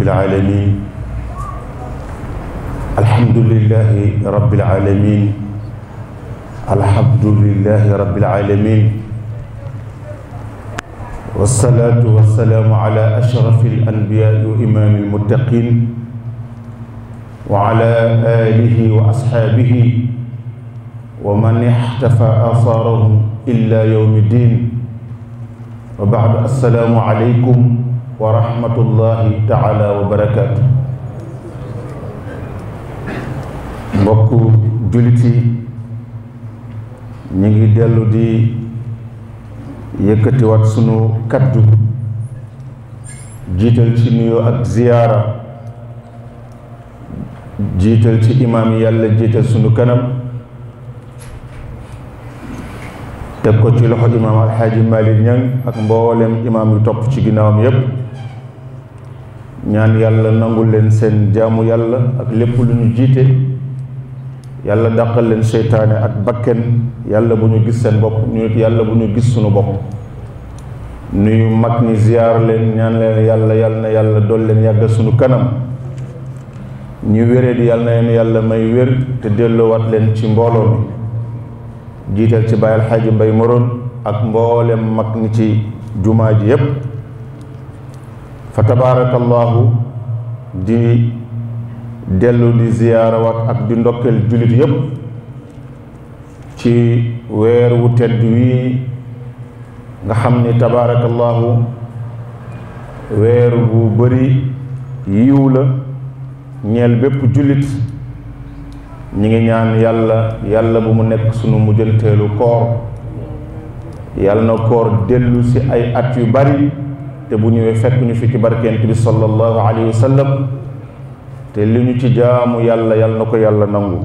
رب العالمين الحمد لله رب العالمين الحمد لله رب العالمين والصلاة والسلام على أشرف الأنبياء وإمام المتقين وعلى آله وأصحابه ومن احتفى آثارهم إلا يوم الدين وبعد السلام عليكم wa rahmatullahi taala wa barakaatu mbokku jullit ñu ngi dellu di yëkkati yëkkatiwaat sunu kaddu jiital ci nuyoo ak ziyaara jiital ci imaam yi yàlla jiital sunu kanam te ko ci loxo imaam alxaaji Malik Ñang ak mboolem imaam yu topp ci ginnaawam yépp ñaan yàlla nangu leen seen jaamu yàlla ak lépp lu ñu jiite yàlla dàqal leen seytaane ak bakken yàlla bu ñu gis seen bopp ñu yàlla bu ñu gis suñu bopp nuyu mag ñi ziyaar leen ñaan leen yàlla yàlla na yàlla dool leen yàggal suñu kanam ñu wéree di yàlla na leen yàlla may wér te delloowaat leen ci mbooloo mi jiital ci Baay Alxaaji Mbay Moroon ak mboolem mag ñi ci jumaa ji yépp fa tabaarakallaahu di dellu di ziyaarawaat ak di ndokkeel jullit yépp ci weer wu tedd wii nga xam ni tabaarakallaahu weer bu bari yiw la ñeel bépp jullit ñi ngi ñaan yàlla yàlla bu mu nekk sunu mujjanteelu koor yàlla na koor dellu ci ay at yu bari te bu ñëwee fekk ñu fi ci barkeent bi sallallahu alayhi wa te li ñu ci jaamu yàlla yàlla na ko yàlla nangu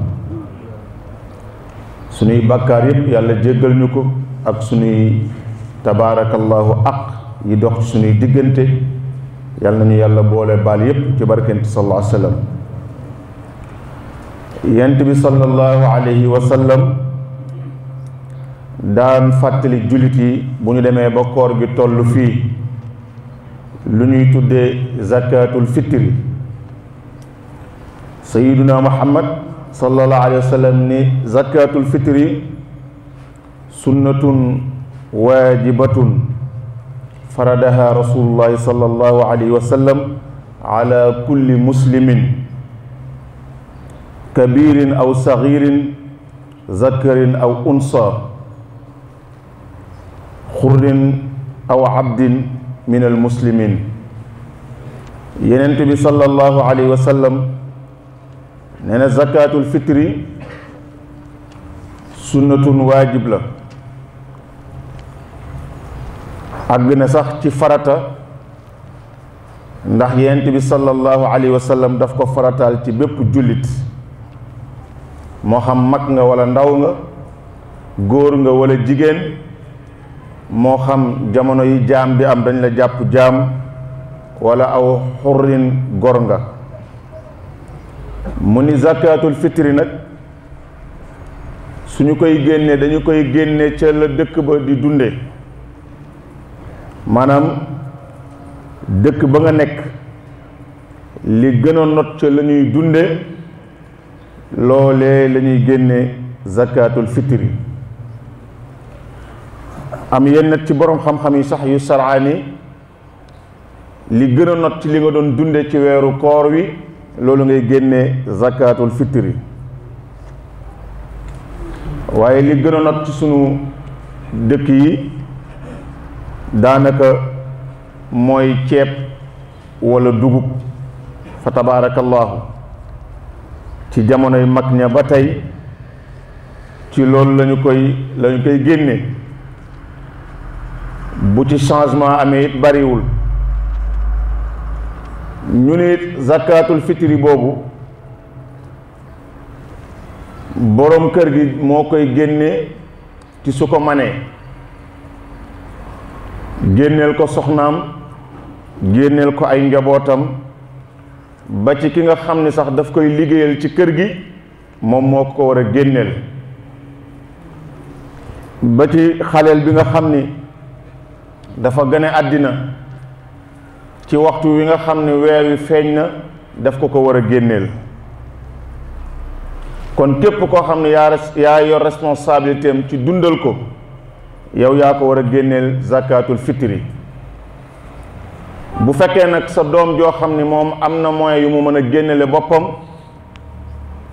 suñuy bàkkaar yépp yàlla jéggal ñu ko ak suñuy tabaarakallahu ak yi dox ci suñuy diggante yàlla nañu yàlla boole baal yépp ci barkeent sallallahu alayhi wa sallam yent bi sallallahu alayhi wa daan fàttali jullit yi bu ñu demee ba koor gi toll fii لنو تود زكاة الفطر سيدنا محمد صلى الله عليه وسلم زكاة الفطر سنة واجبة فردها رسول الله صلى الله عليه وسلم على كل مسلم كبير أو صغير ذكر أو أنصى خر أو عبد من المسلمين muslimin صلى الله عليه وسلم نن زكاة الفطر سنة واجب fitri أجن صح la ndax yent bi sallallahu alayhi wa sallam daf ko faratal ci bépp julit mo xam mag nga wala ndaw nga gor nga wala jigen moo xam jamono yi jaam bi am dañ la jàpp jaam wala aw xurrin gor nga mu ni zakatul fitri nag suñu koy génnee dañu koy génnee ca la dëkk ba di dunde maanaam dëkk ba nga nekk li gën a not ca la ñuy dunde loolee lañuy génnee génne zakatul fitri am yenn ci boroom xam-xam yi sax yu yi li gën a not ci li nga doon dunde ci weeru koor wi loolu ngay génne zakatul fitri waaye li gën a not ci suñu dëkk yi daanaka mooy ceeb walla dugub fa tabaarakallaahu ci jamonoy mag ña ba tey ci loolu lañu koy lañu koy génne بتی شاہجمہ امیر باری مکات ببو کرگی میرنے ٹیسو کو مانے گین کو سخن گیرنے کو آئنگا بتم باٹی کنگا خامد کو کرگی اور گیرن بھائی خالیلام dafa gëné adina ci waxtu wi nga xamné ne weer wi feeñ na daf ko ko wara gënël kon képp ko xamné ya ya yaa yor responsabilité am ci dundal ko yow ya ko wara gënël zakatul fitri bu féké nak sa dom jo xamné mom amna moyen yu mu mëna gënëlé bopam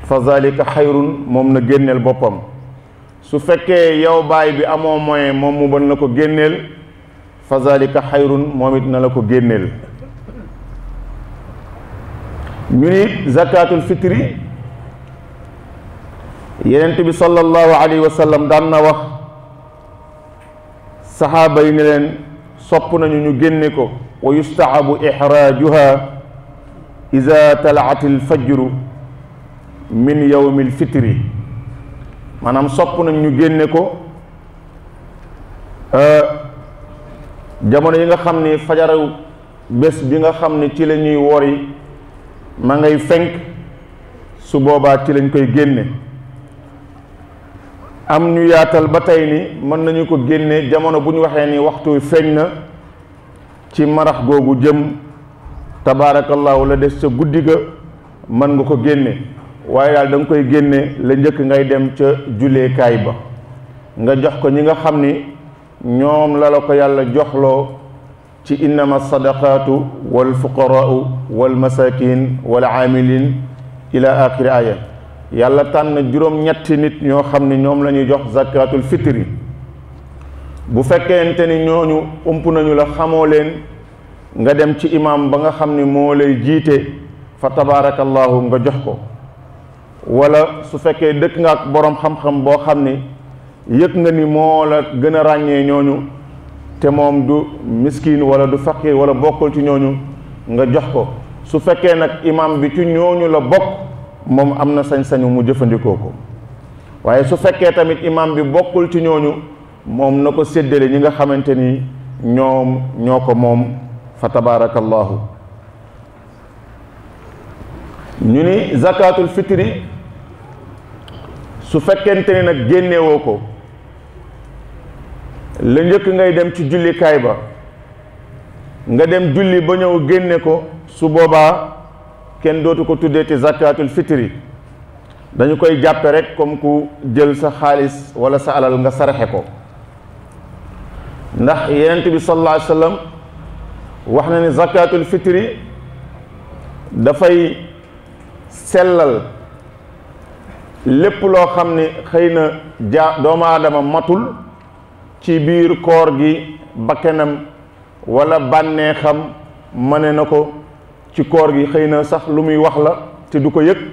fa zalika na gënël bopam su féké yow bay bi amo moyen mom mu bën la gënël فذلك خير موميت نلاكو генيل ني زكاه الفطر يرنتي صلى الله عليه وسلم دان نوا صحابه نلن صوبنا ني генيكو ويستعب احراجها اذا تلعت الفجر من يوم الفطر manam sopp nañu genné jamono yi nga xam ni fajaru bés bi nga xam ni ci lañuy ñuy wori ma ngay fenk su boobaa ci lañ koy génne am ñu yaatal ba tey ni mën nañu ko génne jamono bu ñu waxee ni waxtu feeñ na ci marax googu jëm tabaarakallaahu la des ca guddi ga mën nga ko génne waaye daal da koy génne la njëkk ngay dem ca julleekaay ba nga jox ko ñi nga xam ni ñoom la la ko yàlla joxloo ci innama sadaqaatu wal fuqaraau wal masakin wal aamilin ila axiri aya yàlla tànn juróom-ñetti nit ñoo xam ni ñoom lañuy jox zakatul fitri bu fekkente ni ñooñu ump nañu la xamoo leen nga dem ci imaam ba nga xam ni moo lay jiite fa tabaarakallahu nga jox ko wala su fekkee dëkk nga ak boroom xam-xam boo xam ni yëg nga ni moo la gën a ràññee ñooñu te moom du miskin wala du faqir wala bokkul ci ñooñu nga jox ko su fekkee nag imam bi ci ñooñu la bokk moom am na sañ-sañu mu jëfandikoo ko waaye su fekkee tamit imam bi bokkul ci ñooñu moom na ko séddale ñi nga xamante ni ñoom ñoo ko moom fa tabaraka allahu ñu ni zakatul fitri su fekkente ni nag génnee woo ko la njëkk ngay dem ci jullikaay ba nga dem julli ba ñëw génne ko su boobaa kenn dootu ko tuddee te zakatul fitri dañu koy jàppe rek comme ku jël sa xaalis wala sa alal nga saraxe ko ndax yenent bi sallallahu alayhi wa wax na ni zakatul fitri dafay sellal lépp loo xam ni xëy na ja doomu aadama matul ci biir koor gi bakkenam wala bànneexam mane na ko ci koor gi xëy na sax lu muy wax la te du ko yëg